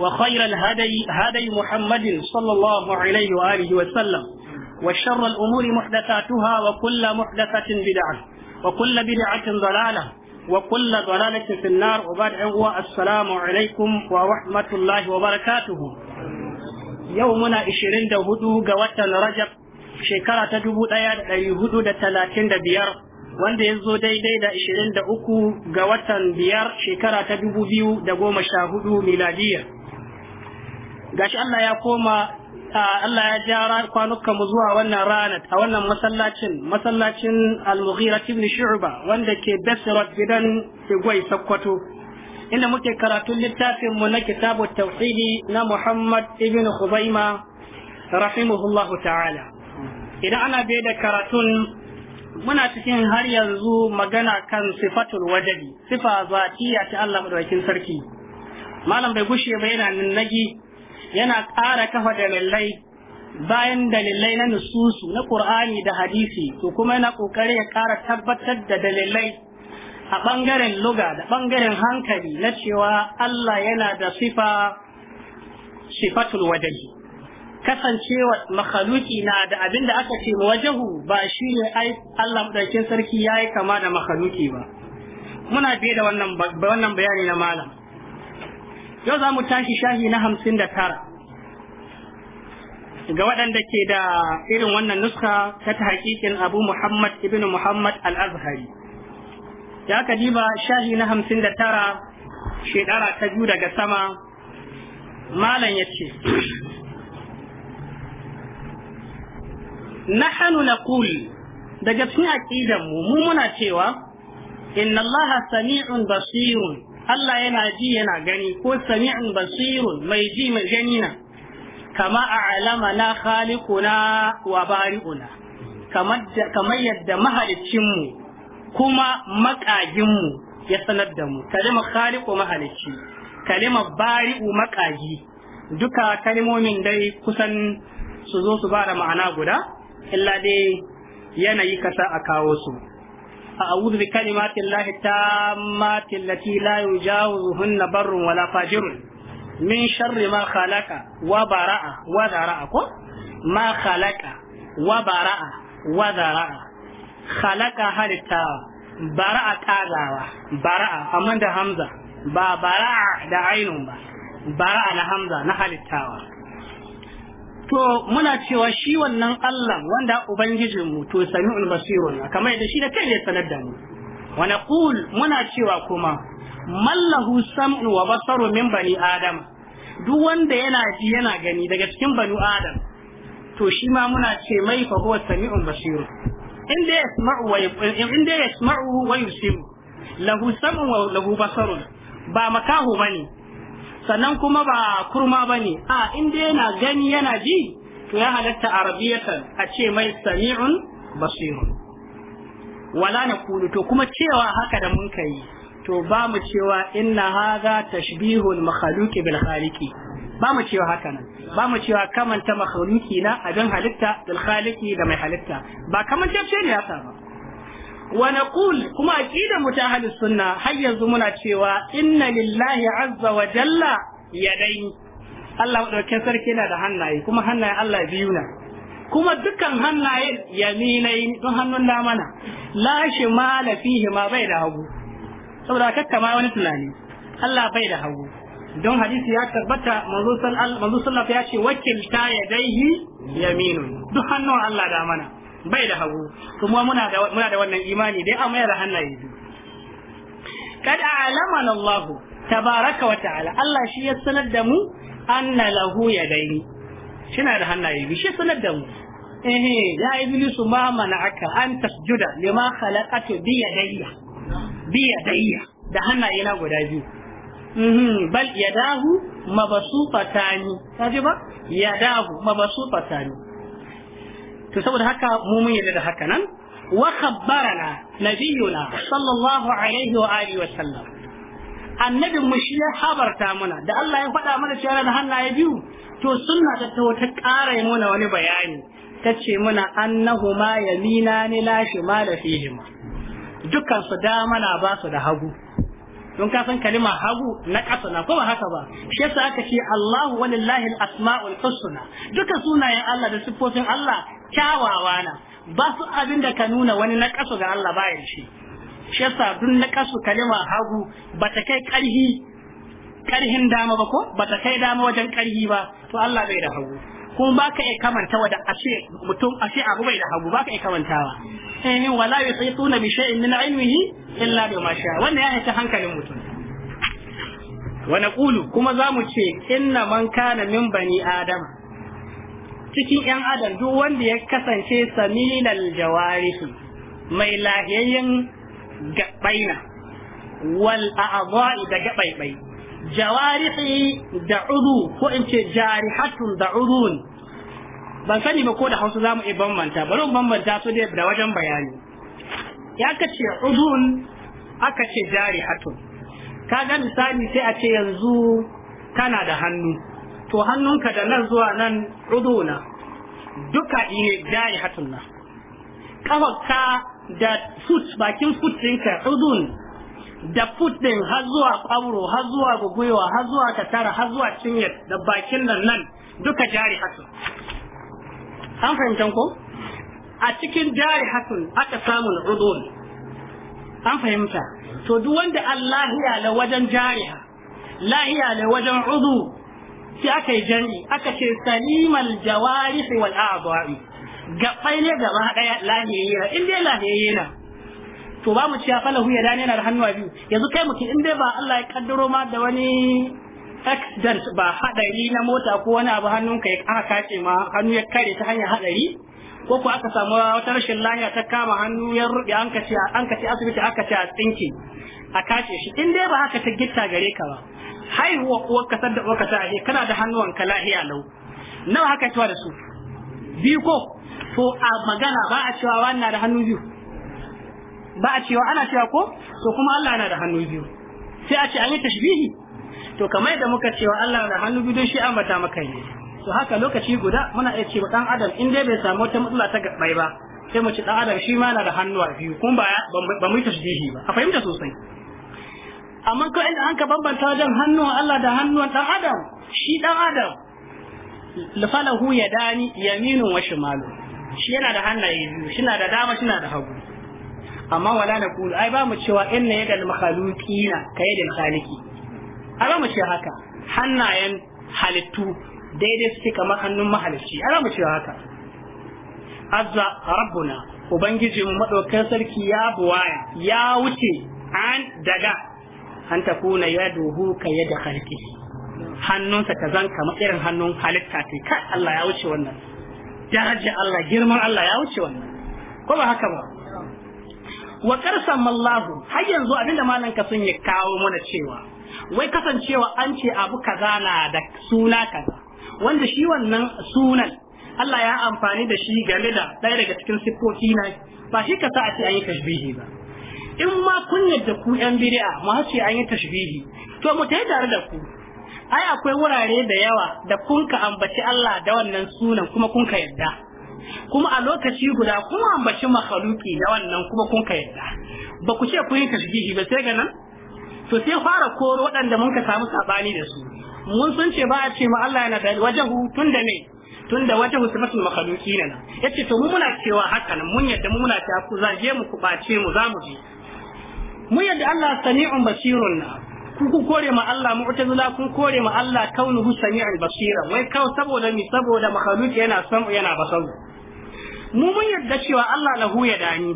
وخير الهدي هدي محمد صلى الله عليه وآله وسلم وشر الأمور محدثاتها وكل محدثة بدعة وكل بدعة ضلالة وكل ضلالة في النار وبعد هو السلام عليكم ورحمة الله وبركاته يومنا إشرين دهدو قوات رجب شكرة تجبو ديار يهدو دتلاتين دبيار wanda ya zo daidai da 23 ga watan biyar shekara ta 2014 miladiyya gashi Allah ya koma Allah ya ja kwanukan mu zuwa wannan ranar a wannan masallacin masallacin al-mughira ibn shu'ba wanda ke basrat gidan igwai sakkwato inda muke karatun littafin mu na kitabu tauhidi na Muhammad ibn Khuzaima rahimahullahu ta'ala idan ana bai da karatun muna cikin har yanzu magana kan sifatul wajabi sifa zatiya ta Allah madaukakin sarki malam bai gushe ba yana nagi yana ƙara kafa dalilai bayan dalilai na nususu na ƙur'ani da hadisi to kuma yana ƙoƙari ya ƙara tabbatar da dalilai a ɓangaren luga da ɓangaren hankali na cewa Allah yana da sifa sifatul wajahi kasancewa makhaluki na da abin da aka ce wajahu ba shi ne ai Allah ɗaukin sarki ya yi kama da makhaluki ba muna biye da wannan bayani na malam yau za mu tashi shahi na hamsin da tara ga waɗanda ke da irin wannan nuska ta ta hakikin abu muhammad ibn muhammad al-azhari ya ka diba shahi na hamsin da tara shekara ta biyu daga sama malam ya ce نحن نقول daga cikin aqidanmu mu muna cewa inna allaha sami'un basirun Allah yana ji yana gani ko sami'un basirun mai ji mai gani na kama a alama na khaliquna wa bari'una kamar yadda mahalicinmu kuma makaginmu ya sanar da mu Kalima khaliqu mahalicci kalima bari'u makagi duka kalimomin dai kusan su zo su ba da ma'ana guda illa dai yanayi kasa a kawo su أعوذ بكلمات الله التامات التي لا يجاوزهن بر ولا فاجر من شر ما خلق وبراء وذراء ما خلق وبراء وذراء خلق هلتا براء تاغاوا براء أمن ده همزة با براء ده عين با براء ده همزة نحلتاوا to muna cewa shi wannan Allah wanda ubangijin mu to sami'ul basirun kamar da shi da kai ya sanar da mu wa naqul muna cewa kuma mallahu sam'u wa basaru min bani adam duk wanda yana ji yana gani daga cikin bani adam to shi ma muna ce mai fa huwa sami'un basir inda yasma'u wa inda yasma'u wa yusim lahu sam'u wa lahu basaru ba makahu bane sannan kuma ba kurma ba ne a inda yana gani yana ji to ya halatta arabiyatan a ce mai sami'un basirun wala na kulu to kuma cewa haka da mun kai to ba mu cewa inna haga tashbihul makhluqi bil khaliqi ba mu cewa haka nan ba mu cewa kamanta makhluqi na abin halitta bil khaliqi da mai halitta ba kamanta ce ne ya ba wa kul kuma aqida mu ta ahlus sunna har yanzu muna cewa inna lillahi azza wa jalla yadai Allah ɗauke sarki na da hannaye kuma hannaye Allah biyu na kuma dukkan hannaye yaminai don hannun dama na la shimala ma bai da hagu saboda kakka ma wani tunani Allah bai da hagu don hadisi ya tabbata manzo sallallahu alaihi wasallam ya ce wakilta yadaihi yaminun duk hannun Allah da mana bai da hagu kuma muna da muna da wannan imani dai amma yana hannaye biyu kad a'lama Allah tabaraka wa ta'ala Allah shi ya sanar da mu anna lahu yadaini shina da hannaye biyu shi sanar da mu eh ya iblis ma mana'aka an tasjuda lima khalaqatu bi yadayya bi yadayya da hannaye na guda biyu bal yadahu mabsutatani kaji ba yadahu mabsutatani to saboda haka mu mun yarda da haka nan wa khabbarana nabiyuna sallallahu alaihi wa alihi wa sallam annabin mu shi ya habarta mana da Allah ya faɗa mana cewa da hannaye biyu to sunna ta ta wata ƙara mana wani bayani tace mana annahuma yamina ni ma da fihima dukkan su dama na ba su da hagu don ka san kalima hagu na ƙasa na ko ba haka ba shi yasa aka ce Allahu walillahi al-asma'ul husna duka sunayen Allah da siffofin Allah kyawawa na ba su abin da ka nuna wani na kasu ga Allah ba ya shi shi yasa duk na kasu kalima hagu ba ta kai karhi karhin dama ba ko ba ta kai dama wajen karhi ba to Allah bai da hagu kuma ba ka iya kamanta wa da ashe mutum ashe abu bai da hagu ba ka iya kamantawa eh wala yusituna bi shay'in min ilmihi illa ma sha wannan ya ta hankalin mutum wa naqulu kuma zamu ce inna man kana min bani adama cikin ‘yan adam duk wanda ya kasance saminal jawarihi mai lahiyayyen gaɓaina wal a'adha'i da gaɓaiɓai jawarihi da udu ko in ce jarihatun da udun ban sani ba ko da hausa zamu iya bambanta bari mu bambanta su da wajen bayani ya kace udun aka ce jarihatun kaga misali sai a ce yanzu kana da hannu to hannunka da nan zuwa nan ruduna duka iya jaye hatunna kafarka da foot bakin foot ɗinka udun da foot ɗin har zuwa ƙwabro har zuwa gugwiwa har zuwa katara har zuwa cinye da bakin nan nan duka jari hatun an fahimtan ko a cikin jari hatun aka samun udun an fahimta to duk wanda Allah ya la wajen jariha lahiya la wajen udu sai aka yi jami aka ce salimal jawarih wal a'dha'i gabai ne gaba daya lahiyayya in dai lahiyayya to ba mu cewa falahu ya dane na da hannuwa biyu yanzu kai mutum in dai ba Allah ya kaddaro ma da wani accident ba hadari na mota ko wani abu hannun kai aka kace ma hannu ya kare ta hanyar hadari ko ko aka samu wata rashin lafiya ta kama hannu ya rubi an kace an kace asibiti aka ce a tsinke a kace shi in dai ba haka ta gitta gare ka ba haihuwa uwar kasar da uwar ka ta kana da hannuwanka lahiya lau nawa haka cewa da su biyu ko to a magana ba a cewa wannan da hannu biyu ba a cewa ana cewa ko to kuma Allah na da hannu biyu sai a ce an yi tashbihi to kamar da muka cewa Allah na hannu biyu don shi an bata maka ne to haka lokaci guda muna iya cewa dan adam in dai bai samu wata matsala ta gabai ba sai mu ci dan adam shi ma na da hannuwa biyu kuma ba ba mu yi tashbihi ba a fahimta sosai amma ko inda an ka bambanta wajen hannun Allah da hannun dan adam shi dan adam hu ya dani yaminu wa shimalu shi yana da hannaye biyu shi na da dama shi na da hagu amma wala na kulu ai ba mu cewa inna yadal ka kayadil khaliqi ai ba mu cewa haka hannayen halittu daidai suke kamar hannun mahalicci ai ba mu cewa haka azza rabbuna ubangijinmu madaukakin sarki ya buwaya ya wuce an daga an ta kuna yaduhu ka yada khalqihi hannunsa ta zan kama irin hannun halitta ta kai Allah ya wuce wannan daraja Allah girman Allah ya wuce wannan ko ba haka ba wa qarsam mallahu, har yanzu abinda malan ka sun ya kawo mana cewa wai kasancewa an ce abu kaza na da suna kaza wanda shi wannan sunan Allah ya amfani da shi game da ɗaya daga cikin siffofi na ba shi ka sa a ce an yi tashbihi ba in ma kun yadda ku yan bid'a mu hace an yi tashbihi to mu tayi tare da ku ai akwai wurare da yawa da kun ka ambaci Allah da wannan sunan kuma kun ka yadda kuma a lokaci guda kun ambaci makhluki da wannan kuma kun ka yadda ba ku ce kun yi tashbihi ba sai ga nan to sai fara koro waɗanda mun ka samu sabani da su mun sun ce ba a ce ma Allah yana da wajahu tun da ne tun da wata husumatul makhluki ne yace to mu muna cewa haka nan mun yadda mu muna ta ku zage mu ku bace mu zamu ji mu yadda Allah sami'un basirun na ku ku kore ma Allah mu'tazila kun kore ma Allah kaunuhu sami'ul basira wai kawai saboda mi saboda makhluk yana sam'u yana basaru mu mun yadda cewa Allah lahu ya dani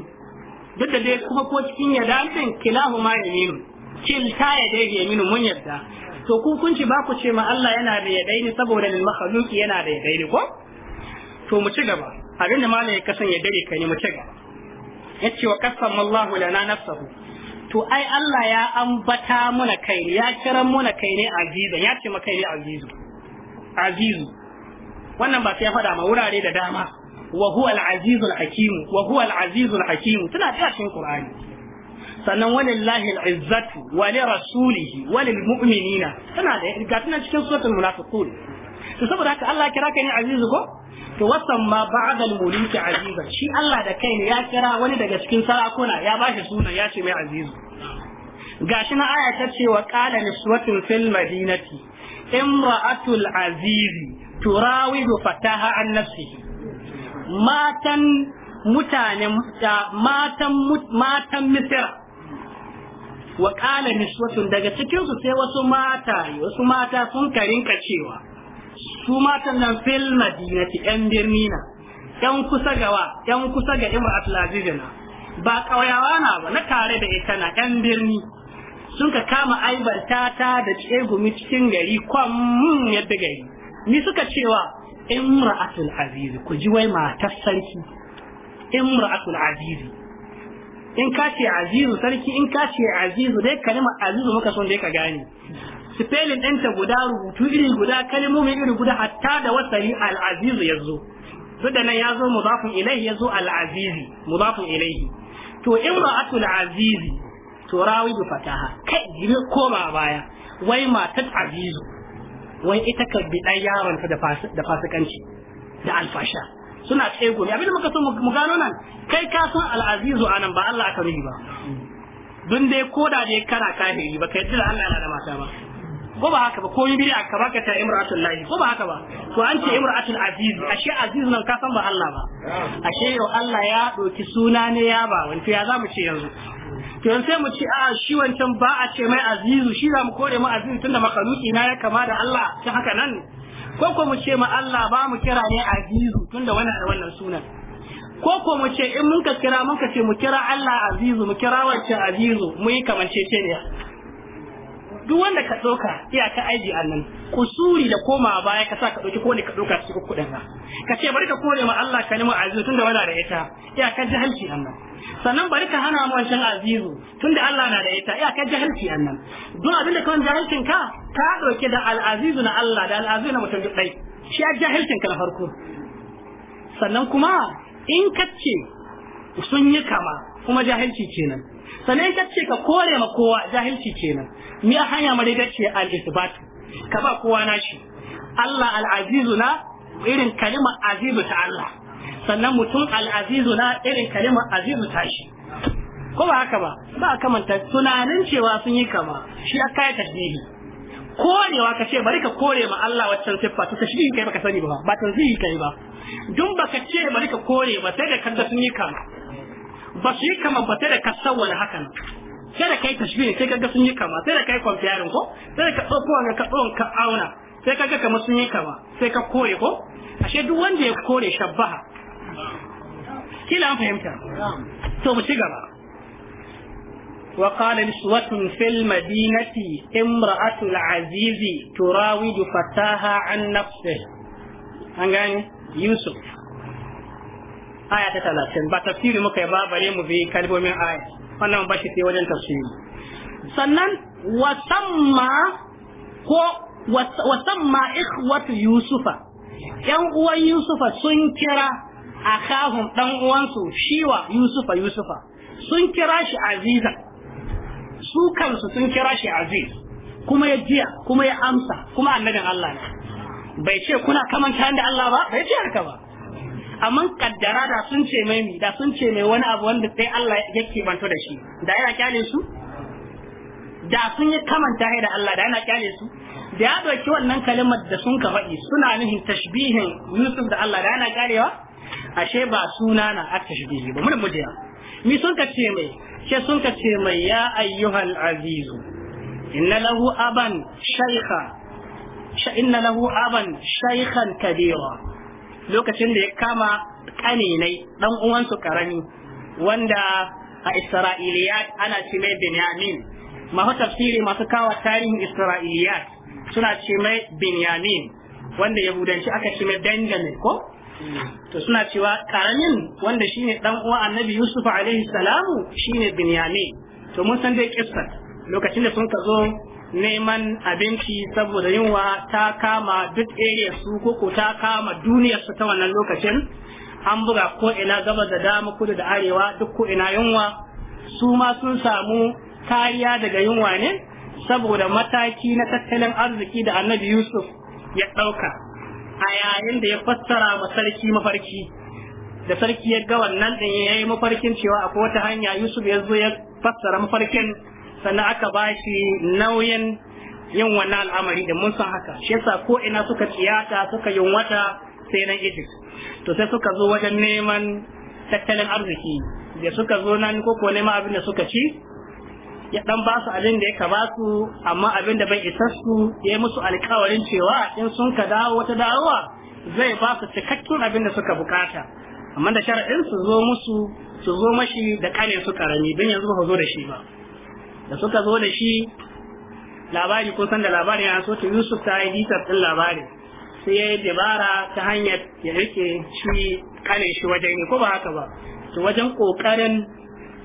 duk da dai kuma ko cikin ya danin kilahu ma yaminu kilta ya dai yaminu mun yadda to ku kun ci ba ku ce ma Allah yana da ya daini saboda lil makhluk yana da ya daini ko to mu ci gaba abinda malai ya kasan ya dare kai ne mu ci gaba yace wa qassama Allahu lana nafsuhu to ai Allah ya ambata muna kai ne ya kiran muna kai ne azizan ya ce makai ne azizu azizu wannan ba sai ya faɗa ma wurare da dama wa huwa al-azizul hakim wa huwa al-azizul hakim tana da cikin Qur'ani sannan walillahi al-izzatu wa li rasulihi wa lil mu'minina tana da ga tana cikin suratul munafiqun to saboda haka Allah kira kai ne azizu ko to wasan ma ba'dal mulki aziza shi Allah da kai ne ya kira wani daga cikin sarakuna ya bashi suna ya ce mai azizu gashi na aya ta ce wa qala niswatun fil madinati imra'atul azizi turawidu fataha an nafsihi matan mutanen matan matan misra wa qala niswatun daga cikin su sai wasu mata wasu mata sun karinka cewa su mata nan fil madinati yan birni na yan kusa gawa yan kusa ga imratul aziz na ba kauyawa na ba na tare da ita na yan birni sun ka kama aibarta ta da tsegumi cikin gari mun yadda gari ni suka cewa imra'atul aziz ku ji wai matar sarki imra'atul aziz in ka ce azizu sarki in ka ce azizu dai kalmar azizu muka son dai ka gane spelling ɗinta guda rubutu iri guda kalmomi iri guda hatta da wasari al'azizu ya zo duk da nan ya zo mudafun ilaihi ya zo al-azizi mudafun ilaihi to in ra'atul azizi to rawi bi fataha kai jibi koma baya wai matat azizu wai ita ka bi dan yaron da fasikanci da alfasha suna tsego ne abinda muka so mu gano nan kai ka san al anan ba Allah aka rubi ba dun dai koda dai kana kafiri ba kai da Allah yana da mata ba ko ba haka ba ko yin bid'a ka baka ta imratul lahi ko ba haka ba to an ce imratul aziz ashe aziz nan ka san ba Allah ba ashe yau Allah ya doki suna ne ya ba wani ya zamu ce yanzu to yanzu sai mu ce a shi wancan ba a ce mai azizu shi za mu kore mu azizu tunda makaluki na ya kama da Allah ta haka nan ko ko mu ce ma Allah ba mu kira ne azizu tunda wannan da wannan sunan ko ko mu ce in mun ka kira mun ka ce mu kira Allah azizu mu kira wancan azizu mu yi kamanceceniya duk wanda ka ɗauka iyaka aiji a nan kusuri da koma baya ka sa ka ɗauki ko ne ka ɗauka cikin kuɗin ka ka ce bari ka kore ma Allah nemo azizu tunda wala da ita iyakar jahilci a nan sannan bari ka hana wancan azizu tunda Allah na da ita iyakar jahilci a nan duk abin da kawai jahilcin ka ka ɗauke da al'azizu na Allah da al'azizu na mutum ɗai shi a jahilcin ka na farko sannan kuma in ka ce sun yi kama kuma jahilci kenan sannan ka ce ka kore ma kowa jahilci kenan ni a hanya ma dai ce al isbat ka ba kowa nashi Allah al azizu na irin kalimar azizu ta Allah sannan mutum al azizu na irin kalimar azizu ta shi ko ba haka ba ba a manta tunanin cewa sun yi kama shi ya kai tasbihi. korewa ka ce bari ka kore ma Allah waccan siffa to shi kai baka sani ba ba tanzihi kai ba dun baka ce bari ka kore ba sai da kanta sun yi kama ba su yi kama ba sai ka ka wani hakan sai da kai tashbihi sai kaga sun yi kama sai da kai comparing ko sai da ka dauko wanga ka tsawon ka auna sai kaga kamar sun yi kama sai ka kore ko ashe duk wanda ya kore shabaha kila an fahimta to mu ci gaba وقال نسوة في المدينة امرأة العزيز تراود فتاها عن نفسه أنغاني يوسف aya ta talatin ba tafsiri muka yi ba bare mu bi kalmomin aya wannan ba shi sai wajen tafsiri sannan wasamma ko wasamma ikhwatu yusufa yan uwan yusufa sun kira akahum dan uwansu shiwa yusufa yusufa sun kira shi aziza su kansu sun kira shi aziz kuma ya jiya kuma ya amsa kuma annabin Allah ne bai ce kuna kamanta da Allah ba bai ce haka ba amma kaddara da sun ce mai mi da sun ce mai wani abu wanda sai Allah yake banto da shi da yana kyale su da sun yi kamanta da Allah da yana kyale su da ya dauki wannan kalimar da sun ka faɗi suna nufin tashbihin Yusuf da Allah da yana karewa? ashe ba suna na a tashbihi ba mun mujiya mi sun ka ce mai ke sun ka ce mai ya ayyuhal azizu inna lahu aban shaykha inna lahu aban shaykhan kabira lokacin da ya kama ƙaninai, ɗan uwansu karami wanda a isra'iliyat ana ce mai benyamin masu tafsiri masu kawo tarihin isra'iliyat suna ce mai benyamin wanda yahudanci aka ce mai benjamin ko to suna cewa karamin wanda shine dan uwa annabi yusuf alaihi salamu shine Binyamin. to mun san dai kissa lokacin da sun ka zo neman abinci saboda yunwa ta kama duk area su koko ta kama duniyar su ta wannan lokacin an buga ko ina gaba da dama kudu da arewa duk ko ina yunwa su ma sun samu kariya daga yunwa ne saboda mataki na tattalin arziki da annabi yusuf ya ɗauka a yayin da ya fassara ma sarki mafarki da sarki ya ga wannan ɗin ya yi mafarkin cewa akwai wata hanya yusuf ya zo ya fassara mafarkin sannan aka ba shi nauyin yin wannan al'amari da mun san haka shi yasa ko ina suka tiyata suka wata sai nan Egypt to sai suka zo wajen neman tattalin arziki da suka zo nan ko ko neman abin da suka ci ya dan ba su abin da ya ba su amma abin da bai isar su ya yi musu alkawarin cewa in sun ka dawo wata dawowa zai ba su cikakken abin da suka bukata amma da sharaɗin su zo musu su zo mashi da kane su karami don yanzu ba zo da shi ba da suka zo da shi labari ko san da labari ya so ta Yusuf ta yi bitar din labari sai ya yi dabara ta hanyar ya rike shi kanin shi wajen ne ko ba haka ba to wajen kokarin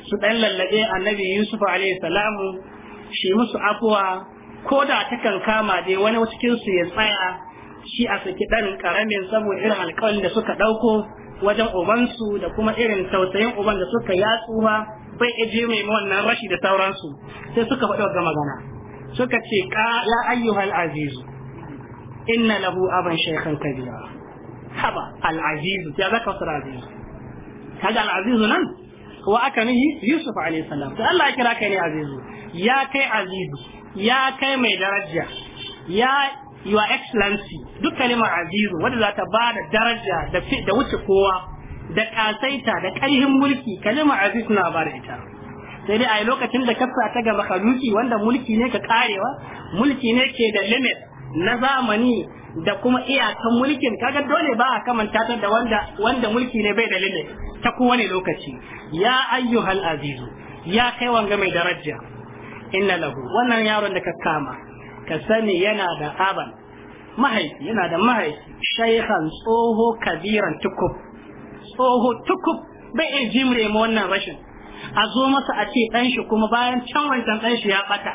su dan lallabe annabi Yusuf alaihi salamu shi musu afuwa ko da takan kama dai wani cikin su ya tsaya shi a saki dan karamin saboda irin alƙawarin da suka dauko wajen ubansu da kuma irin tausayin uban da suka yatsuwa. ba sahabbai ya je mai wannan rashi da sauransu sai suka faɗi wa magana suka ce ka ya ayyuhal azizu inna lahu aban shaykhan kabira haba al azizu ya zaka wasar azizu kaga al azizu nan wa aka nihi yusuf alayhi salam sai Allah ya kira kai ne azizu ya kai azizu ya kai mai daraja ya your excellency duk kalimar azizu wanda za ta ba da daraja da wuce kowa da kasaita da ƙarhin mulki kalima aziz na ba sai dai a lokacin da kasa ta ga makaluki wanda mulki ne ka karewa mulki ne ke da limit na zamani da kuma iyakan mulkin kaga dole ba a kamanta ta da wanda wanda mulki ne bai da limit ta kowane lokaci ya ayyuhal azizu ya kai wanga mai daraja inna lahu wannan yaron da ka kama ka sani yana da aban mahaifi yana da mahaifi shaykhan tsoho kabiran tukub tsoho tukub bai iya jimre mu wannan rashin a zo masa a ce ɗanshi shi kuma bayan can wancan dan shi ya ɓata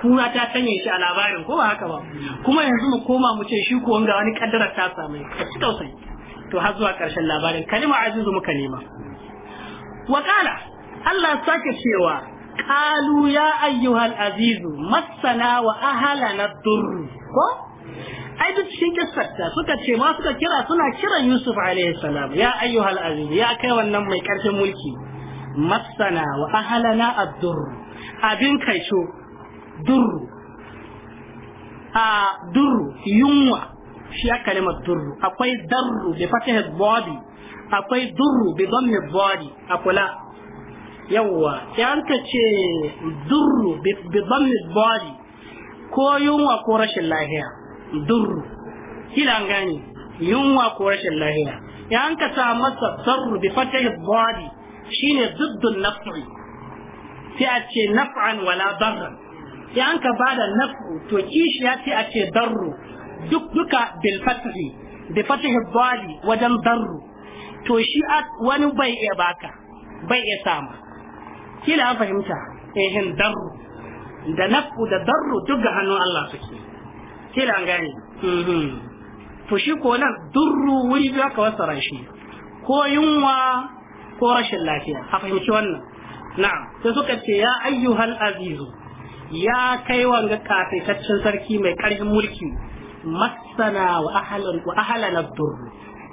kura ta sanya shi a labarin ko ba haka ba kuma yanzu mu koma mu ce shi ko wanga wani kaddarar ta samu ka ci tausayi to har zuwa ƙarshen labarin kalima azizu muka nema wa Allah sake cewa qalu ya ayyuhal azizu masana wa ahlana durr ko ai duk cikin ta suka ce ma suka kira suna kiran Yusuf alaihi salam ya ayyuhal azim ya kai wannan mai karfin mulki masana wa ahlana ad dur abin kaico dur a dur yunwa shi ya kalimar dur akwai darru bi fatihil body akwai dur bi dhammil body a kula yawwa yan ka ce dur bi dhammil body ko yunwa ko rashin lahiya dur kila gani yunwa ko rashin lahiya ya an ka sa masa sarru bi fatahi dhadi shine ziddun naf'i sai a ce naf'an wala darran Ya an ka bada naf'u to ya sai a ce darru duk duka bil fatahi bi fatahi dhadi wajen darru to shi wani bai iya baka bai iya sama kila an fahimta ehin eh, darru da naf'u da darru duk ga hannun Allah suke kila gani gane mhm. to shi ko nan durru wuri biyu aka fassara shi ko yunwa ko rashin lafiya a fahimci wannan na'am sai suka ce ya ayyuhal azizu ya kai wanga kafaitaccen sarki mai karfin mulki masana wa ahalan durru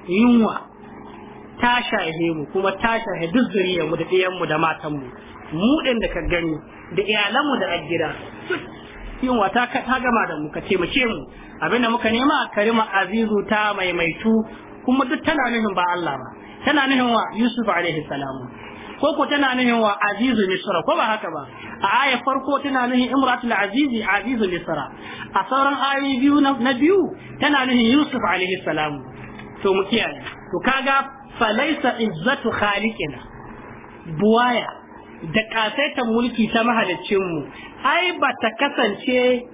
yunwa ta shahe mu kuma ta shahe duk zuriyarmu da ɗiyanmu da matanmu mu ɗin da ka gani da iyalanmu da a gida yin ta ta gama da mu ka mace mu abinda muka nema karima azizu ta maimaitu kuma duk tana nuhin ba Allah ba tana nuhin wa Yusuf alaihi salamu ko ko tana nuhin wa azizu misra ko ba haka ba a aya farko tana nuhin imratul azizi azizu misra a sauran ayoyi biyu na biyu tana nuhin Yusuf alaihi salamu to mu kiyaye to kaga falaisa izzatu khaliqina buwaya da ƙasaitan mulki ta mahaliccinmu ai ba ta kasance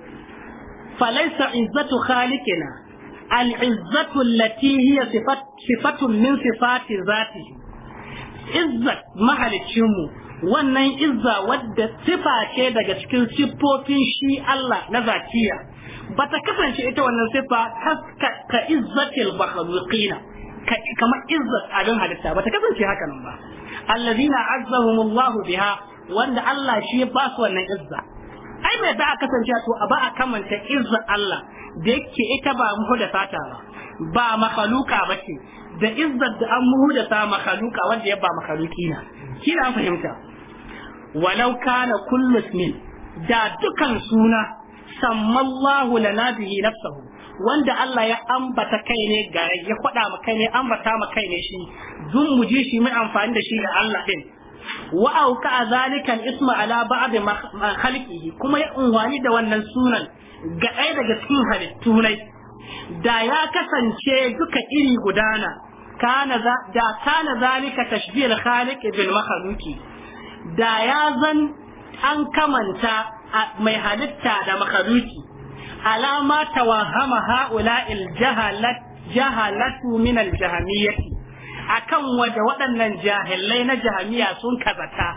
falaisa izzatu khalikina al'izzatu izzatu sifatun min sifati zatihi izzat mahaliccinmu wannan izza wadda sifa ce daga cikin siffofin shi Allah na zakiya ba ta kasance ita wannan sifa ka izzatil makhluqina kamar izzat abin halitta ba ta kasance hakanan ba allazina azzahumullahu biha wanda Allah shi ya ba su wannan izza ai bai a kasance to a ba a kamanta izza Allah da yake ita ba mu da fata ba ba makhluka bace da izzar da an muhu da sa makhluka wanda ya ba makhluki na kina fahimta walau kana kullu ismin da dukan suna sammallahu lana bihi nafsahu wanda Allah ya ambata kai ne ga ya faɗa ma kai ne ambata ma kai ne shi dun mu ji shi mai amfani da shi da Allah din wa auka zalikan isma ala ba'd khalqihi kuma ya unwani da wannan sunan ga ɗaya daga cikin halittu ne da ya kasance duka iri gudana kana da kana zalika tashbih al-khaliq bil makhluqi da ya zan an kamanta mai halitta da makhluqi alama tawahama ha'ula'il jahalat jahalatu min aljahamiyyati akan waje waɗannan jahilai na jahamiya sun kazata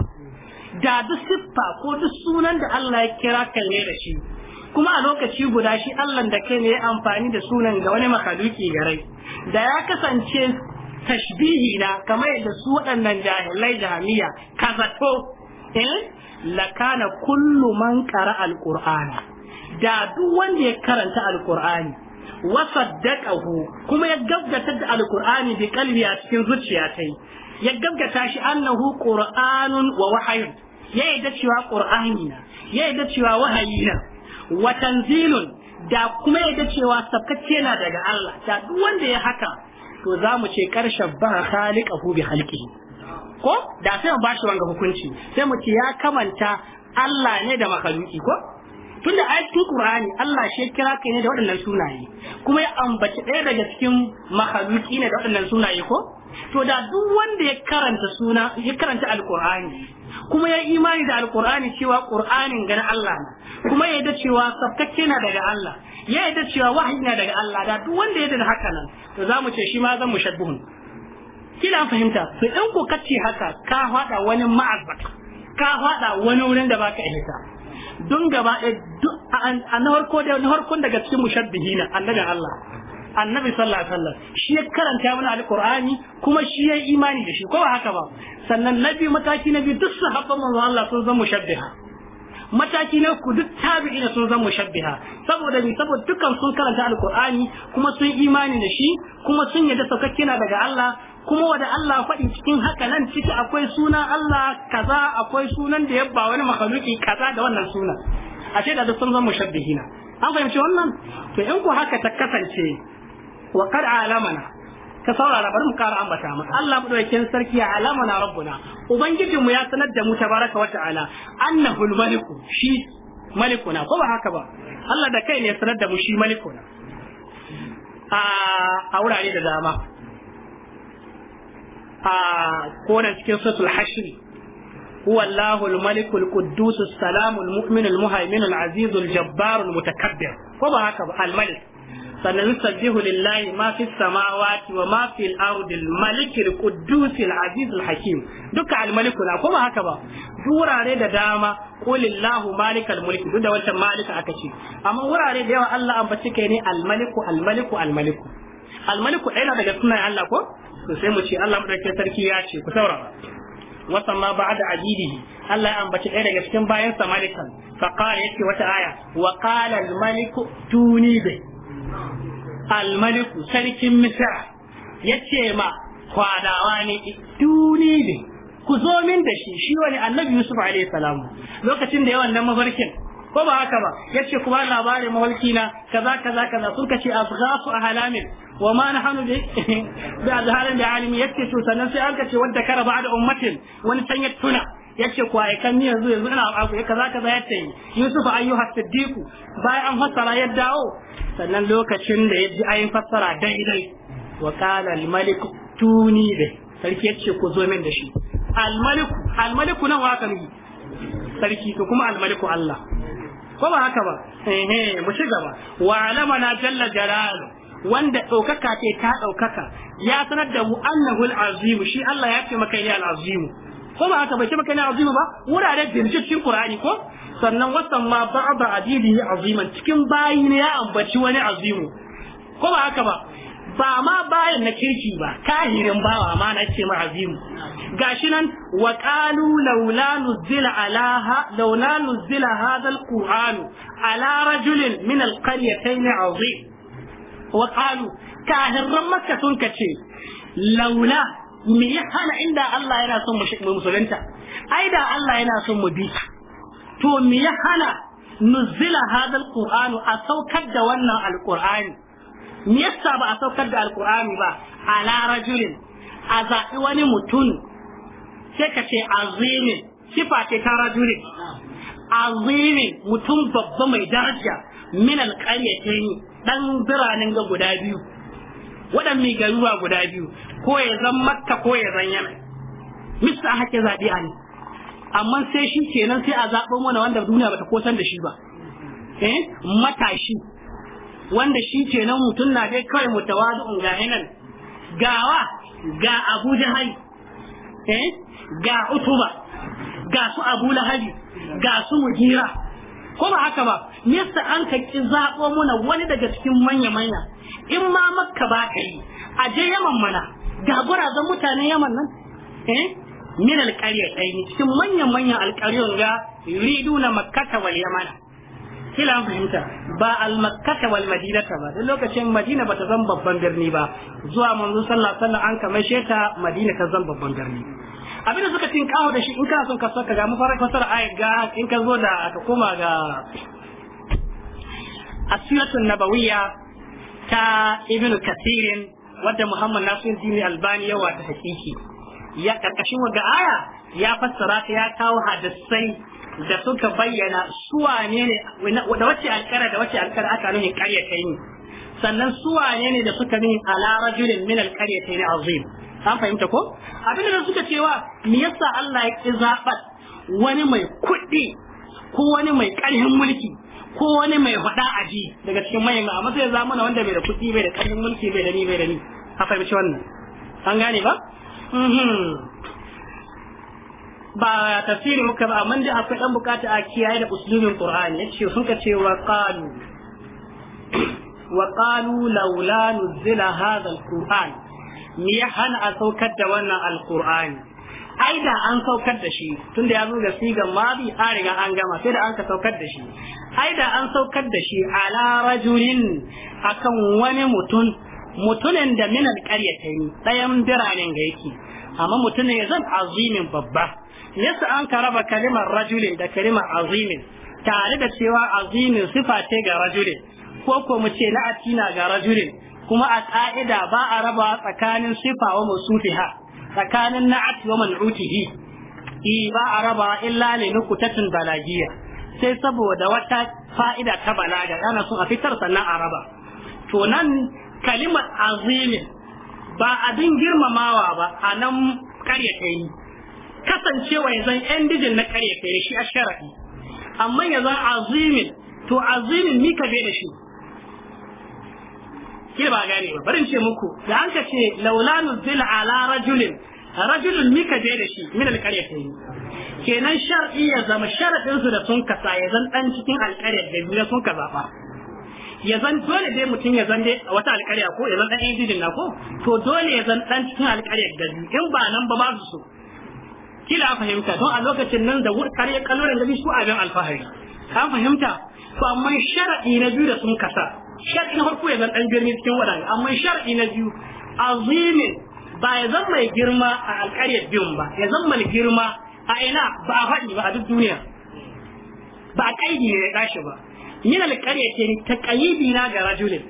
da duk siffa ko duk sunan da Allah ya kira kalle da shi kuma a lokaci guda shi Allah da kai ne ya amfani da sunan ga wani makaduki rai. da ya kasance tashbihi na kamar da su waɗannan jahilai jahamiya kazato eh lakana kullu man qara al-qur'ana da duk wanda ya karanta alqur'ani wa saddaqahu kuma ya gaggata da alqur'ani bi qalbi a cikin zuciya tai ya gaggata shi annahu qur'anun wa wahyun ya yadda cewa qur'ani na ya yadda cewa wahayi na wa tanzilun da kuma yadda cewa sabkacce na daga Allah da duk wanda ya haka to zamu ce karshen ba khaliqahu bi khalqihi ko da sai mu bashi wanga hukunci sai mu ce ya kamanta Allah ne da makaluki ko tun da ayatul qur'ani Allah shi kira kai ne da waɗannan sunaye kuma ya ambaci ɗaya daga cikin mahaluki ne da waɗannan sunaye ko to da duk wanda ya karanta suna ya karanta alqur'ani kuma ya imani da alqur'ani cewa qur'anin gana Allah ne kuma ya yadda cewa sabkakke na daga Allah ya yadda cewa wahayi na daga Allah da duk wanda ya da haka nan to zamu ce shi ma zan mushabbihun kila fahimta to in ko kace haka ka hada wani ma'azbata ka faɗa wani wurin da baka ilita don gaba eh, na harko da harkon daga cikin na annabi Allah annabi sallallahu alaihi wasallam shi ya karanta mana alqur'ani kuma shi ya imani da shi ko ba haka ba sannan nabi mataki nabi duk sahabban manzo Allah sun zama mushabbiha mataki na ku duk tabi'ina sun zama mushabbiha saboda ni saboda dukkan sun karanta alqur'ani kuma sun imani da shi kuma sun yadda saukakke na daga Allah kuma wanda Allah faɗi cikin haka nan ciki akwai suna Allah kaza akwai sunan da yabba wani makhluki kaza da wannan sunan ashe da duk sun zama mushabbihina an fahimci wannan to in ku haka ta kasance wa qad alamana ka saurara bari mu ƙara ambata mu Allah madaukakin sarki ya alamana rabbuna ubangijin mu ya sanar da mu tabaraka wa ta'ala annahu maliku shi malikuna ko ba haka ba Allah da kai ne ya sanar da mu shi malikuna a wurare da dama a kona cikin suratul hashri huwa Allahul malikul quddus salamul mu'minul muhaiminul azizul jabbarul mutakabbir ko ba haka ba al malik sannan yusabbihu lillahi ma fis samawati wa ma fil ardi al malikil quddus al aziz al hakim duka al malik na ko ba haka ba wurare da dama qulillahu malikal mulk duk da wancan malika aka ce amma wurare da yawa Allah ambaci kai ne al maliku al maliku al maliku al maliku ɗaya daga sunan Allah ko to sai mu ce Allah madaukakin sarki ya ce ku saurara wasan ma ba da ajidihi Allah ya ambaci ɗaya daga cikin bayan sa malikan fa qala yake wata aya wa qala al maliku tuni bi al maliku sarkin misra yace ma kwadawa ne tuni bi ku zo min da shi shi wani annabi yusuf alaihi salam lokacin da yawan nan mafarkin ko ba haka ba yace kuma labarin mahalki na kaza kaza kaza sun kace asghafu ahlamin wa ma nahnu bi bi alhalin da alimi yace to sannan sai an kace wanda kara ba'da ummatin wani sanya tuna yace kuwa ai kan ni yanzu yanzu ina abu kaza kaza yace Yusuf ayyuha siddiqu bayan an fassara ya dawo sannan lokacin da yaji ayin fassara dai wa qala al-malik tuni bi sarki yace ku zo min da shi al-malik al-malik nan wa sarki to kuma al-maliku Allah ko ba haka ba mu ci gaba wa alama na jalla jalalu wanda ɗaukaka ce ta ɗaukaka ya sanar da mu annahu al-azim shi Allah ya ce maka ne al azimu ko ba haka bai ce maka ne al-azim ba wuraren dirje cikin Qur'ani ko sannan wasan ma ba'da adidihi aziman cikin bayi ne ya ambaci wani azimu ko ba haka ba ba ma bayan na kirki ba kahirin bawa ma na ce ma azimu gashi nan wa qalu laula nuzila alaha laula nuzila hadha alquran ala rajulin min alqaryatayn azim wa qalu kahirin makka sun kace laula mi ya hana inda Allah yana son mu musulunta ai da Allah yana son mu bi to mi ya hana nuzila hadal alquran a saukar da wannan alqur'ani me yasa ba a saukar da alqur'ani ba ala rajulin a zaɓi wani mutum sai ka ce azimin sifa ce ta rajulin azimin mutum babba mai daraja min alƙaryatayn dan biranen ga guda biyu mai garuwa guda biyu ko ya zan makka ko ya zan yana mista hake zaɓi a ne amma sai shi kenan sai a zaɓen wani wanda duniya bata kosan da shi ba eh matashi wanda shi nan mutum na dai kawai mutawadu'un ga nan, gawa ga Abu Jahal eh, ga Utuba ga su Abu Lahabi ga su Mujira ko ba haka ba nesa an ka zaɓo muna wani daga cikin manya manya in ma makka ba ka yi a je yaman mana ga gurazan mutanen yaman nan eh, min alƙarya ɗaya cikin manyan manyan alƙaryon ga riduna makkata wal yamana kila an fahimta ba al-makkata wal madinata ba duk lokacin madina bata zan babban birni ba zuwa manzo sallallahu alaihi wasallam an kama sheta madina ta zan babban birni abinda suka tin kawo da shi in kana son ka saka ga mafarar fasar ayat ga in ka zo da ka koma ga asiratun nabawiyya ta Ibn kasirin wadda muhammad nasir dini albani yawa ta hakiki ya karkashin wa ga aya ya fassara ta ya kawo hadisai da suka bayyana suwane ne da wacce alkara da wacce alkara aka nuhin karyatai ne sannan suwane ne da suka nuhin ala rajulin min alkaryatai ne azim an fahimta ko abin da suka cewa me yasa Allah ya ki zabar wani mai kuɗi ko wani mai ƙarfin mulki ko wani mai faɗa aji daga cikin mai ma amma sai zamana wanda bai da kuɗi bai da ƙarfin mulki bai da ni bai da ni an fahimci wannan an gane ba mhm. ba tafsiri muka ba amma dai akwai dan bukata a kiyaye da uslubin qur'ani yace suka ce wa qalu wa qalu laula nuzila hadha alquran me ya hana a saukar da wannan alqur'ani ai da an saukar da shi tunda ya zo ga sigan mabi an riga an gama sai da an ka saukar da shi ai da an saukar da shi ala rajulin akan wani mutum mutumin da minal qaryatayn dayan biranen ga yake amma mutumin ya zan azimin babba yasa an ka raba kalimar rajulin da kalimar azimin tare da cewa azimin sifa ce ga rajulin ko ko mu ce na ga rajulin kuma a ka'ida ba a raba tsakanin sifa wa musufiha tsakanin na'at wa man'utihi i ba a raba illa li nukutatin balagiya sai saboda wata fa'ida ta balaga ana son a fitar sannan a raba to nan kalimar azimin ba abin girmamawa ba a nan karyata ni kasancewa ya zan yan dijin na karya ne shi a sharaɗi amma ya zan azimin to azimin ni ka da shi ke ba gane ba barin ce muku da an ka ce laula nuzil ala rajulin rajulun ni ka da shi min al karyata ne kenan shar'i ya zama sharadin su da sun kasa ya zan dan cikin al karyata da sun ka zaba ya zan dole dai mutum ya zan dai wata alƙarya ko ya zan dan injinin na ko to dole ya zan dan cikin alƙarya gari in ba nan ba ba su so kila fahimta don a lokacin nan da ya kalorin da su abin alfahari ka fahimta to amma sharadi na biyu da sun kasa sharadi na farko ya zan dan birni cikin wadanda amma sharadi na biyu azimin ba ya zan mai girma a alƙaryar biyun ba ya zan mai girma a ina ba a faɗi ba a duk duniya ba a ƙaidi ne ya tashi ba min ta taqayidi na ga rajulin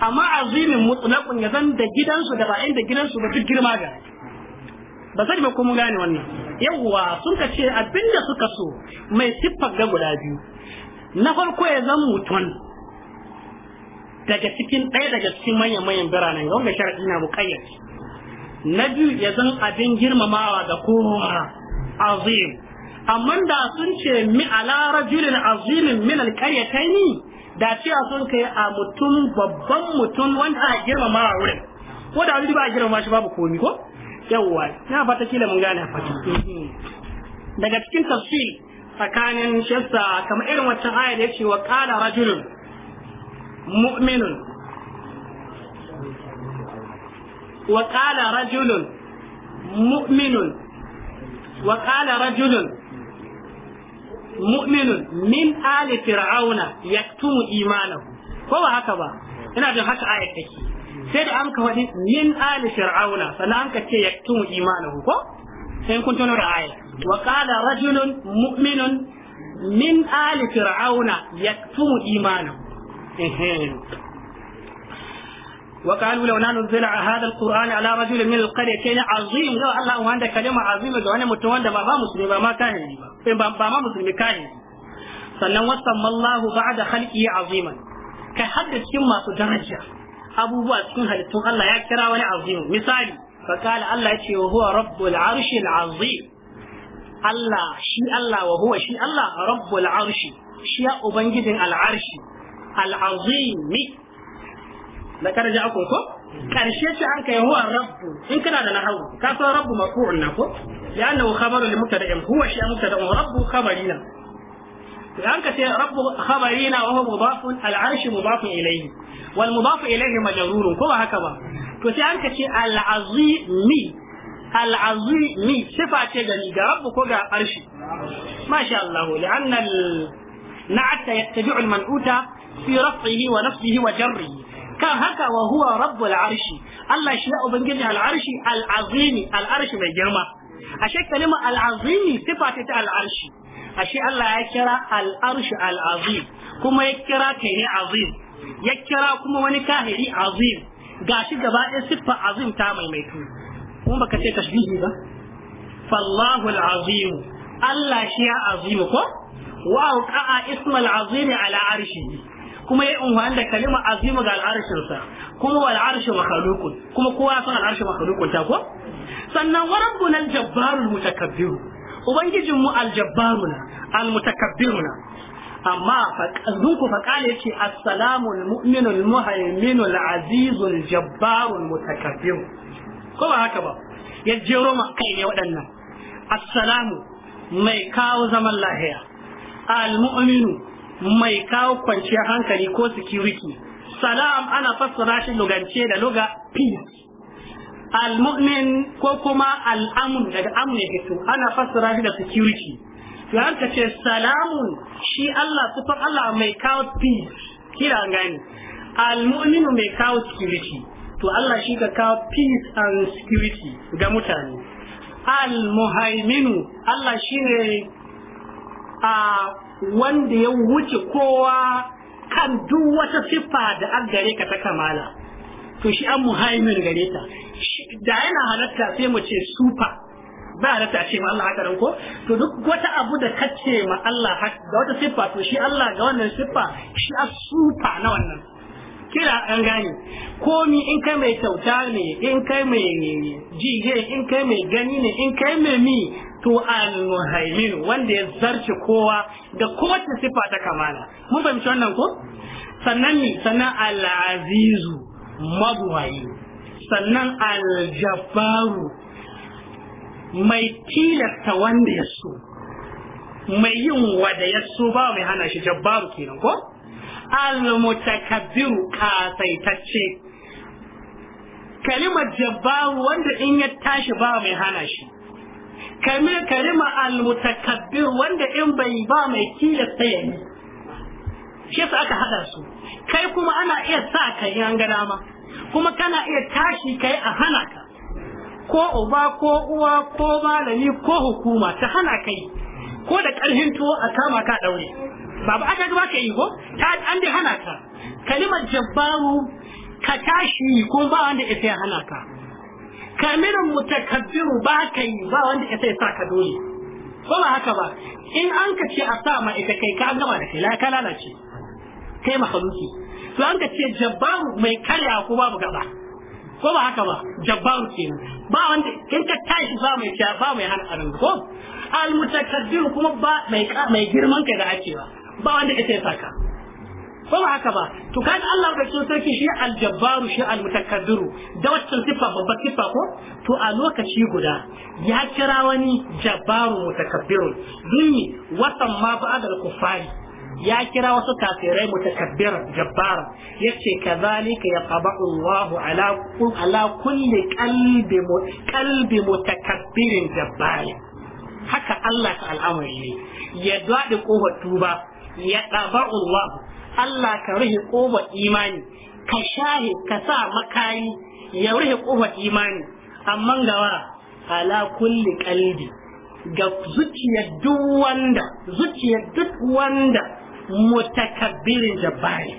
amma azimin mutlaqun ya zan da gidansu da ba'in da gidansu ba duk girma ga ba sai ba kuma gane wannan yawwa sun ka ce abinda suka so mai siffar da guda biyu na farko ya zan mutum daga cikin ɗaya daga cikin manyan manyan biranen ga wanda sharadi na muqayyad na biyu ya zan abin girmamawa da kowa azim amma da sun ce mi ala rajulin azimin min alqaryataini da cewa sun kai a mutum babban mutum wanda a girmama a wurin ko da ba a girmama shi babu komi ko yawwa na fata kila mun gane fata daga cikin tafsir tsakanin shessa kamar irin wancan aya da yace wa qala rajulun mu'minun wa qala rajulun mu'minun wa qala rajulun mu'minun min ali fir'auna yaktumu imanahu ko ba haka ba ina jin haka ayat take sai da an ka faɗi min ali fir'auna sannan an ka ce yaktumu imanahu ko sai kun tuno da ayat wa qala rajulun mu'minun min ali fir'auna yaktumu imanahu وقالوا لو نزل هذا القرآن على رجل من القريتين عظيم لو الله وعند كلمة عظيمة ga wani mutum wanda ba ma musulmi ba ma kahiri ba ba ma musulmi kahiri sannan wasamma Allah ba'da khalqi aziman kai hadda cikin masu daraja abubuwa cikin halittun Allah ya kira wani azim misali fa kala Allah ya ce wa huwa rabbul arshil azim Allah shi Allah wa huwa shi Allah rabbul arshi shi ubangijin al'arshi al'azimi la kada ja akun ko karshe ce an kai huwa rabbu in kana da nahawu ka san rabbu marfu'un na ko ya annahu khabaru li mubtada'in huwa shi mubtada'un rabbu khabarina an ka ce rabbu khabarina wa huwa mudafun al-arsh mudafun ilayhi wal mudaf ilayhi majrurun ko haka ba to sai an ka ce al-azimi al-azimi sifa ce ga ga rabbu ko ga arshi masha Allah li'anna al-na'ata yattabi'u al-man'uta fi raf'ihi wa nafsihi wa jarrihi kan haka wa huwa rabbul arshi Allah shi ya ubangiji al arshi al azimi al arshi mai girma ashe kalima al azimi sifa ta al arshi ashe Allah ya kira al arshi al azim kuma ya kira kai azim ya kira kuma wani kahiri azim gashi gaba ɗaya siffa azim ta maimaitu kuma baka ce tashbihi ba fallahu al azim Allah shi ya azimu ko wa qa'a ismal azimi ala arshihi kuma ya unhuwan da kalima azimu ga al'arshin sa kuma wal arshu makhluqun kuma kowa san al'arshu makhluqun ta ko sannan wa rabbuna al-jabbarul mutakabbir ubangijin mu al-jabbaruna al-mutakabbiruna amma faqadun ku faqala yace assalamu al-mu'minu al-muhaiminu al al al-mutakabbir ko ba haka ba ya jero ma kai ne waɗannan assalamu mai kawo zaman lahiya al-mu'minu mai kawo kwanciyar hankali ko security salam ana fassara shi lugance da luga peace al-mu'min ko kuma al-amun daga amun ya fito ana fassara shi da security to an ka ce salamun shi Allah sufan Allah mai kawo peace kira gani al-mu'minu mai kawo security to Allah shi ka kawo peace and security ga mutane al-muhaiminu Allah shi ne a ah, wanda ya wuce kowa kan duk wata siffa da an gare ka ta kamala to shi an muhaimin gare ta da yana halatta sai mu ce super ba halatta ce ma Allah haka ranko to duk wata abu da kace ma Allah da wata siffa to shi Allah ga wannan siffa shi a supa na wannan kira an gane komi in kai mai kyauta ne in kai mai jiye in kai mai gani ne in kai mai mi to an muhaimin wanda ya zarce kowa da kowace sifa ta kamala mun fahimci wannan ko sannan ni sannan al-azizu sannan al-jabbaru mai tilasta wanda ya so mai yin wada ya so ba mai hana shi jabbaru kenan ko al-mutakabbiru kasaitacce kalimar jabbaru wanda in ya tashi ba mai hana shi kame karima al wanda in bai ba mai tilasta ya yi shi sa aka hada su kai kuma ana iya sa ka yi an gada ma kuma kana iya tashi kai a hana ka ko uba ko uwa ko malami ko hukuma ta hana kai ko da karhin tuwo a kama ka daure babu aka ga ka yi ko ta an dai hana ka kalimar jabbaru ka tashi ko ba wanda ya hana ka kamirin mutakabbiru ba ka yi ba wanda ka sai sa ka dole ba ba haka ba in an ka ce a sa ma ita kai ka gama da kai ka lalace kai mahaluki to an ka ce jabbaru mai karya ko babu gaba ko ba haka ba jabbaru kenan ba wanda in ka tashi ba mai ciya ba mai hana arin ko al mutakaddir kuma ba mai mai girman kai da ake ba ba wanda sa ka. ko ba haka ba to kaga Allah da cikin sarki shi aljabbaru shi almutakabbiru da waccan siffa babbar siffa ko to a lokaci guda ya kira wani jabbaru mutakabbirun dunni wasan ma ba'adal kufari ya kira wasu kafirai mutakabbiran jabbara yace kadhalika yaqba'u Allahu ala ala kulli qalbi qalbi mutakabbirin jabbari haka Allah ta al'amari ne ya daɗi kofar tuba ya qaba'u Allahu Allah ka rufe kofar imani ka shahi ka sa makayi ya rufe kofar imani amma gawa ala kulli ga zuciyar duk wanda zuciyar duk wanda mutakabbirin jabbari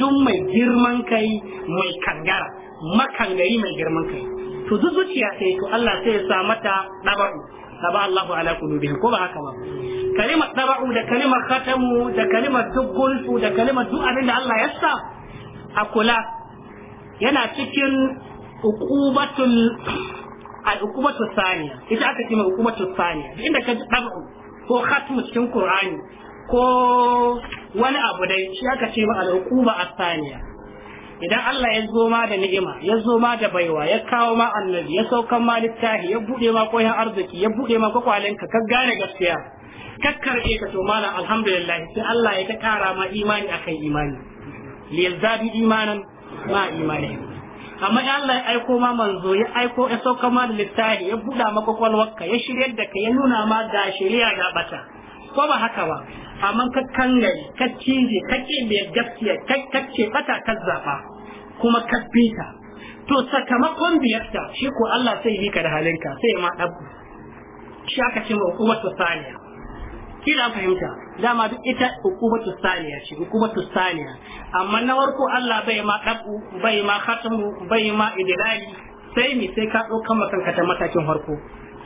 duk mai girman kai mai kangara makangari mai girman kai to zuciya sai to Allah sai ya sa mata dabaru taba Allahu ala qulubihim ko ba haka ba kalimar taba'u da kalimar khatamu da kalimar dukkulfu da kalimar duk abin da Allah ya sa a kula yana cikin uqubatul al-uqubatu thaniya ita aka ce mai uqubatu thaniya inda ka taba'u ko khatmu cikin qur'ani ko wani abu dai shi aka ce ma idan Allah ya zo ma da ni'ima ya zo ma da baiwa ya kawo ma annabi ya saukan ma littafi ya bude ma koyan arziki ya bude ma kwakwalenka ka gane gaskiya kakkarke ka to malam alhamdulillah sai Allah ya ta kara ma imani akan imani liyazabi imanan ma imani amma in Allah ya aiko ma manzo ya aiko ya saukan ma da littafi ya buda ma kwakwalwarka ya shiryar da ka ya nuna ma ga shari'a ga bata ko ba haka ba amma ka kangare ka cije ka mai gaskiya ka ce bata ka zaba kuma kabbeta to sakamakon biyarta shi ko Allah sai yi ka da halinka sai ya ma dabbu shi aka ce ma hukumar saniya kila fahimta dama duk ita hukumar tusaniya ce hukumar saniya amma na warko Allah bai ma dabbu bai ma khatamu bai ma idilali sai mi sai ka dauka maka kanka ta matakin farko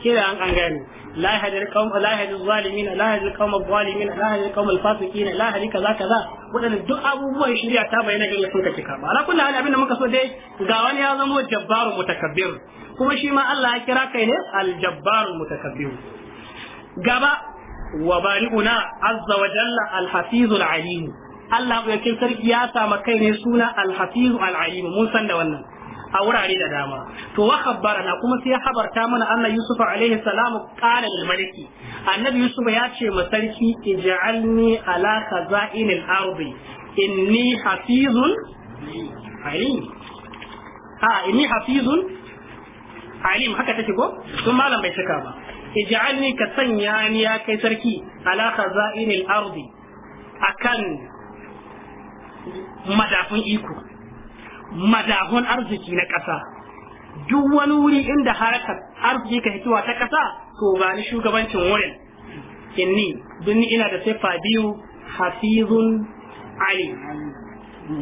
kila an an gane la yahdil qawm la yahdil zalimin la yahdil qawm zalimin la yahdil qawm fasiqin la yahdil kaza kaza wadannan duk abubuwan shari'a ta bayyana ga sun ka cika ala kullu hal abinda muka so dai ga wani ya zama jabbaru mutakabbir kuma shi ma Allah ya kira kai ne al jabbaru mutakabbir gaba wa bari'una azza wa jalla al Allah ya sarki ya sama kai ne suna al hafizul mun san da wannan a wurare da dama to wa khabbarana kuma sai ya habarta mana annabi yusuf alaihi salam qala lil maliki annabi yusuf ya ce ma sarki ij'alni ala khaza'in al ardi inni hafizun alim a inni hafizun alim haka take ko sun malam bai saka ba ij'alni ka sanya ni ya kai sarki ala khaza'in al ardi akan madafin iko madahun arziki na ƙasa duk wani wuri inda harakar arziki ka hituwa ta ƙasa to ba ni shugabancin wurin inni ni ina da siffa biyu hafizun ali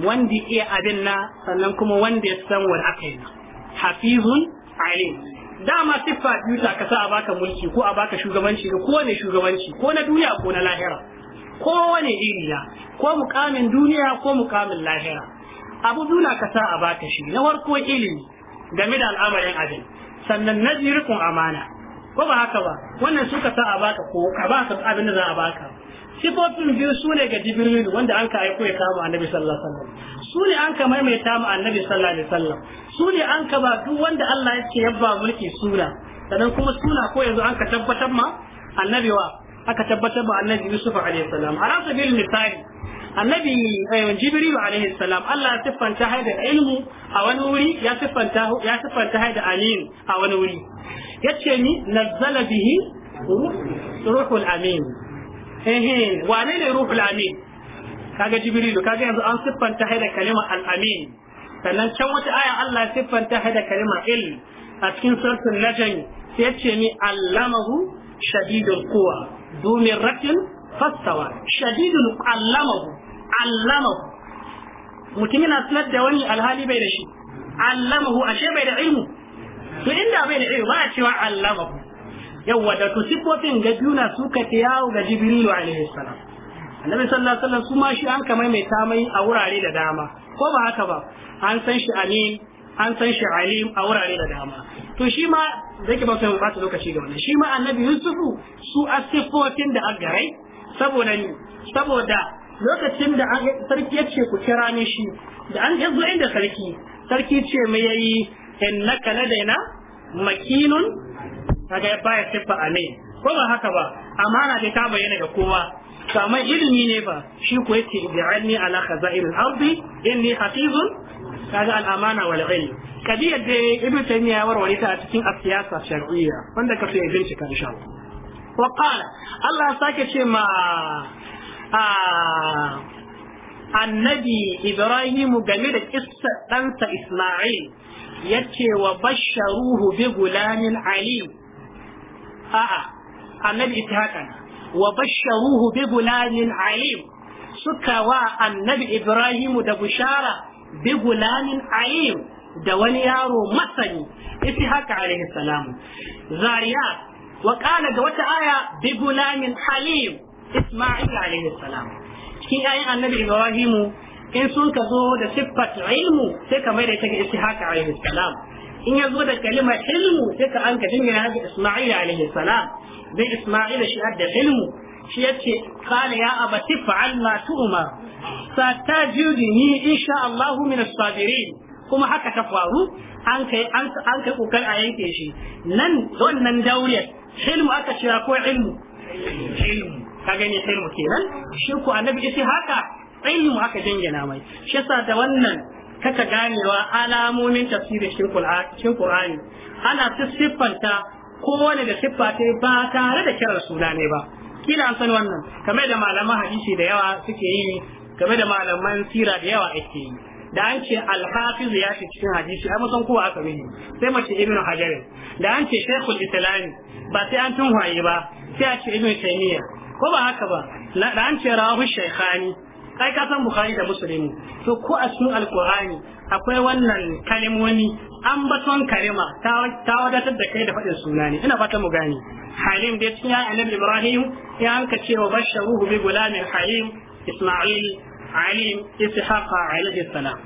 wanda iya abin na sannan kuma wanda ya san wani aka yi na hafizun ali dama siffa biyu ta kasa a baka mulki ko a baka shugabanci ko kowane shugabanci ko na duniya ko na lahira kowane iriya ko mukamin duniya ko mukamin lahira abu biyu na kasa a baka shi na farko ilimi game da al'amarin abin sannan na jirikun amana ko ba haka ba wannan su sa a baka ko ka baka abin da za a baka sifofin biyu su ne ga jibrilu wanda an ka aiko ya kama annabi sallallahu alaihi wasallam su ne an ka maimaita ma annabi sallallahu alaihi wasallam su ne an ka ba duk wanda Allah ya ce yabba mulki sura sannan kuma suna ko yanzu an ka tabbatar ma annabi wa aka tabbatar ma annabi Yusuf alaihi salam ala sabilil misali annabi eh, jibrilu alaihi salam Allah ya siffanta haida ilmu a wani wuri ya siffanta ya siffanta haida amin a wani wuri yace ni nazzala bihi ruhul amin eh wane ne ruhul amin kaga jibrilu kaga yanzu an siffanta haida kalima al amin sannan can wata aya Allah ya siffanta haida kalima il a cikin suratul najm sai yace ni allamahu shadidul quwa dumin ratin fastawa shadidul allamahu allamahu mutum yana sanar da wani alhali bai da shi allamahu ashe bai da ilmu to inda bai da ilmu ba a cewa allamahu yawa da to sifofin ga juna suka ta yawo ga jibrilu alaihi salam annabi sallallahu alaihi wasallam su ma shi an kamar mai tamai a wurare da dama ko ba haka ba an san shi amin an san shi alim a wurare da dama to shi ma zaki ba sai mu bata lokaci ga wannan shi ma annabi yusufu su a asifofin da agarai saboda ni saboda lokacin da sarki ya ce ku kira ni shi da an zo inda sarki sarki ce mai yayi da ina makinun kaga ya baya a amin ko ba haka ba amana da ta bayyana ga kowa kamar ilimi ne ba shi ko yace bi'alni ala khaza'il al-ardi inni hafizun kaga al-amana wal ilm kadiyar da ibnu taymiya warware ta a cikin asiyasa shar'iyya wanda ka fi bincika insha Allah wa qala Allah sake ce ma annabi Ibrahimu game da kissa ɗansa Ismail ya ce wa basharuhu bi gulamin alim a'a annabi Ishaqa wa basharuhu bi gulamin alim suka wa annabi Ibrahimu da bushara bi gulamin alim da wani yaro masani haka alaihi salam zariya wa qala da wata aya bi gulamin halim Isma'il alaihi salam cikin ƴaƴan annabi Ibrahimu in sun ka zo da siffat ilmu sai ka maida ta ga Ishaq alaihi salam in ya zo da kalimar ilmu sai ka an ka dingina ga Isma'il alaihi salam dai Isma'il shi da ilmu shi yace qala ya abati fa'al ma tu'ma satajidni insha Allah min as-sabirin kuma haka ta faru an kai an kai kokar a yanke shi nan wannan dauriyar ilmu aka cewa ko ilmu ka sai mu kenan shi ku annabi ita haka mu haka jingina mai shi yasa da wannan kaka ganewa alamomin tafsirin cikin Qur'ani ana siffanta kowane da siffa ta ba tare da kiran suna ne ba kila an san wannan kamar da malaman hadisi da yawa suke yi game da malaman sira da yawa ake yi da an ce alhafiz ya ce cikin hadisi ai musan kowa aka rubuta sai mace ibnu hajar da an ce shaykhul islam ba sai an waye ba sai a ce ibnu taymiya ko ba haka ba la an ce rawahu shaykhani kai ka san bukhari da muslim to ko a cikin alqur'ani akwai wannan kalimomi an baton karima ta wadatar da kai da faɗin suna ina fatan mu gani halim da cikin ya annabi ibrahim ya anka cewa basharuhu bi gulamin halim isma'il alim ishaqa alaihi salam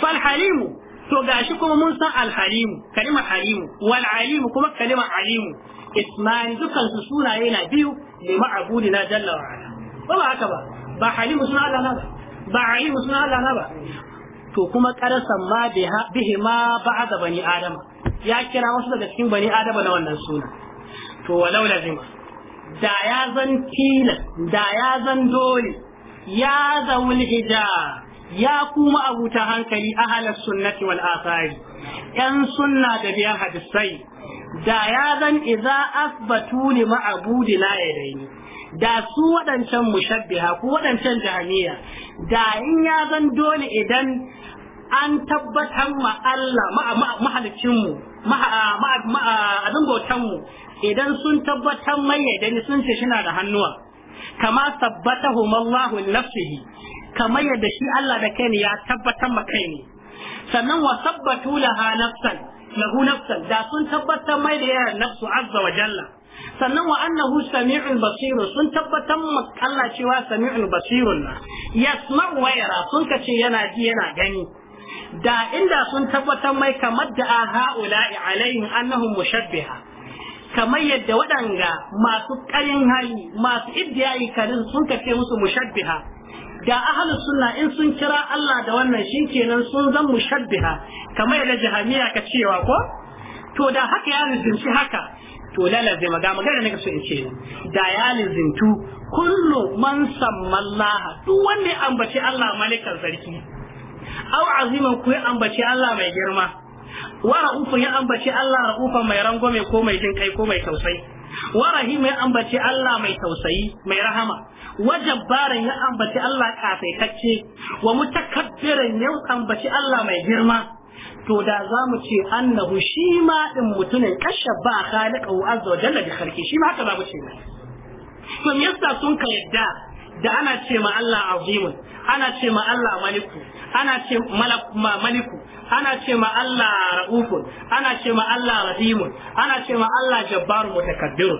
fal halimu to gashi kuma mun san alhalimu kalimar halimu wal alimu kuma kalimar alimu Isma'il dukansu sunaye na biyu ne ma'abudi na jalla wa ala ba ba haka ba ba halimu suna Allah na ba ba Halimu suna Allah na ba to kuma karasan ma bihi ma ba'ada ni adama ya kira wasu daga cikin bani adama na wannan suna to walau lazima da ya zan tilas da ya zan dole ya zaul hijab ya kuma ta hankali ahalar sunnati wal asari yan sunna da biyan hadisai da ya zan iza asbatu li ma'abudi la yadaini da su waɗancan mushabbiha ko waɗancan jahaniya da in ya zan dole idan an tabbatar ma Allah mahalicinmu abin mu. idan sun tabbatar mai yadani sun ce shina da hannuwa kama sabbatahu Allahu nafsihi kamar yadda shi Allah da kai ya tabbatar ma kai ne sannan wa sabbatu laha nafsan lahu nafsan da sun tabbatar mai da yaran nafsu azza wa jalla sannan wa annahu sami'ul Basiru sun tabbatar ma Allah cewa sami'ul basirun na yasma'u wa yara sun kace yana ji yana gani da inda sun tabbatar mai kamar da ha'ula'i alaihim annahum mushabbiha kamar yadda waɗanga masu ƙarin hali masu iddiyayi karin sun kace musu mushabbiha da ahlu sunna in sun kira Allah da wannan shikenan sun zan mushabbiha kamar yadda jahamiya ka cewa ko to da haka ya lizinci haka to lalazima ga magana ne so in ce da ya lizintu kullu man sammallaha duk wanda ya ambaci Allah malikan sarki aw aziman ku ya ambaci Allah mai girma wa ra'ufu ya ambaci Allah ra'ufan mai rangwame ko mai jin ko mai tausayi wa rahim ya ambaci Allah mai tausayi mai rahama wa jabbarin ya ambaci Allah kafaitacce wa mutakabbirin ya ambaci Allah mai girma to da za mu ce annahu shi ma din mutumin kashe ba khaliqa wa azza wa jalla bi khalqi shi ma haka za mu ce to me yasa sun ka yadda da ana ce ma Allah azimun ana ce ma Allah maliku ana ce maliku ana ce ma Allah ra'ufun ana ce ma Allah rahimun ana ce ma Allah jabbarun mutakabbirun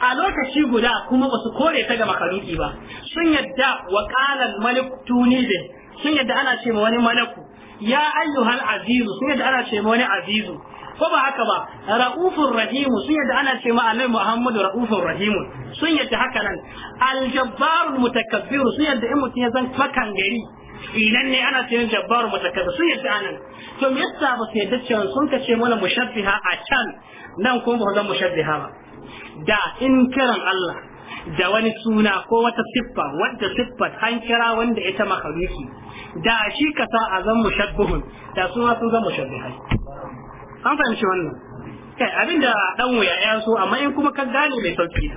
a lokaci guda kuma ba su kore ta ga makaruki ba sun yadda wa qala malik tunibin sun yadda ana ce ma wani malaku ya ayyuhal azizu sun yadda ana ce ma wani azizu ko ba haka ba ra'ufun rahimu sun yadda ana ce ma annabi Muhammadu ra'ufun rahimu sun yadda haka nan aljabbarul mutakabbir sun yadda in mutun ya zan fakan gari inan ne ana sayan jabbar mutakabbir sun yarda anan to me yasa ba su yadda cewa sun kace mana mushabbiha a can nan kuma ba zan mushabbiha ba da in kiran Allah da wani suna ko wata siffa wadda siffat an kira wanda ita makaruki da shi ka sa a zan mushabbihun da suna sun zan mushabbihai an fahimci wannan kai abinda dan wuya ya so amma in kuma ka gane mai sauki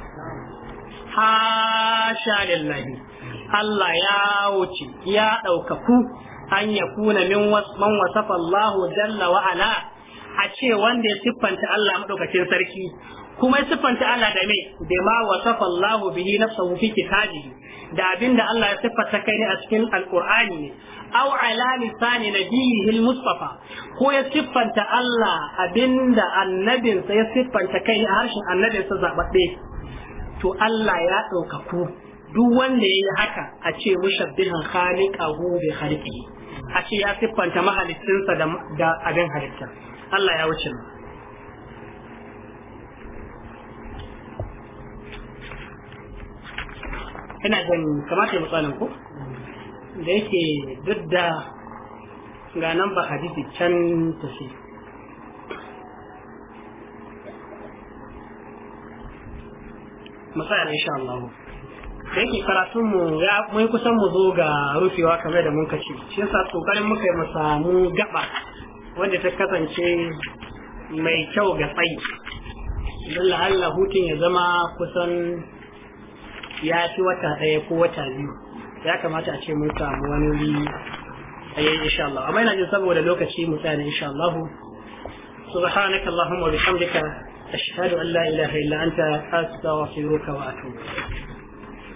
hasha lillahi Allah ya wuce ya ɗaukaku an ya kuna min man wasafa Allah jalla wa ala a ce wanda ya siffanta Allah madaukakin sarki kuma ya siffanta Allah da me da ma wasafa Allah bihi nafsahu fi kitabihi da abinda Allah ya siffanta kai ne a cikin alqur'ani ne aw ala lisani nabiyihi almustafa ko ya siffanta Allah abinda annabinsa ya siffanta kai a harshen annabinsa zababbe to Allah ya ɗaukaku duk wanda ya yi haka a ce mushabbihan khaliqahu bi khaliqi a ce ya siffanta mahalittinsa da abin halitta Allah ya wuce mu ina gani kamata ya mutsalan ku da yake duk da ga nan ba hadisi can tafi masayar شاء Allah da yake karatun mu ya mun kusan mu zo ga rufewa kamar da mun kace shi yasa kokarin muka yi mu samu gaba wanda ta kasance mai kyau ga tsayi don la'alla hutun ya zama kusan ya fi wata ɗaya ko wata biyu ya kamata a ce mun samu wani wuri insha Allah amma ina jin saboda lokaci mu tsaya insha Allah subhanaka allahumma wa bihamdika ashhadu an la ilaha illa anta astaghfiruka wa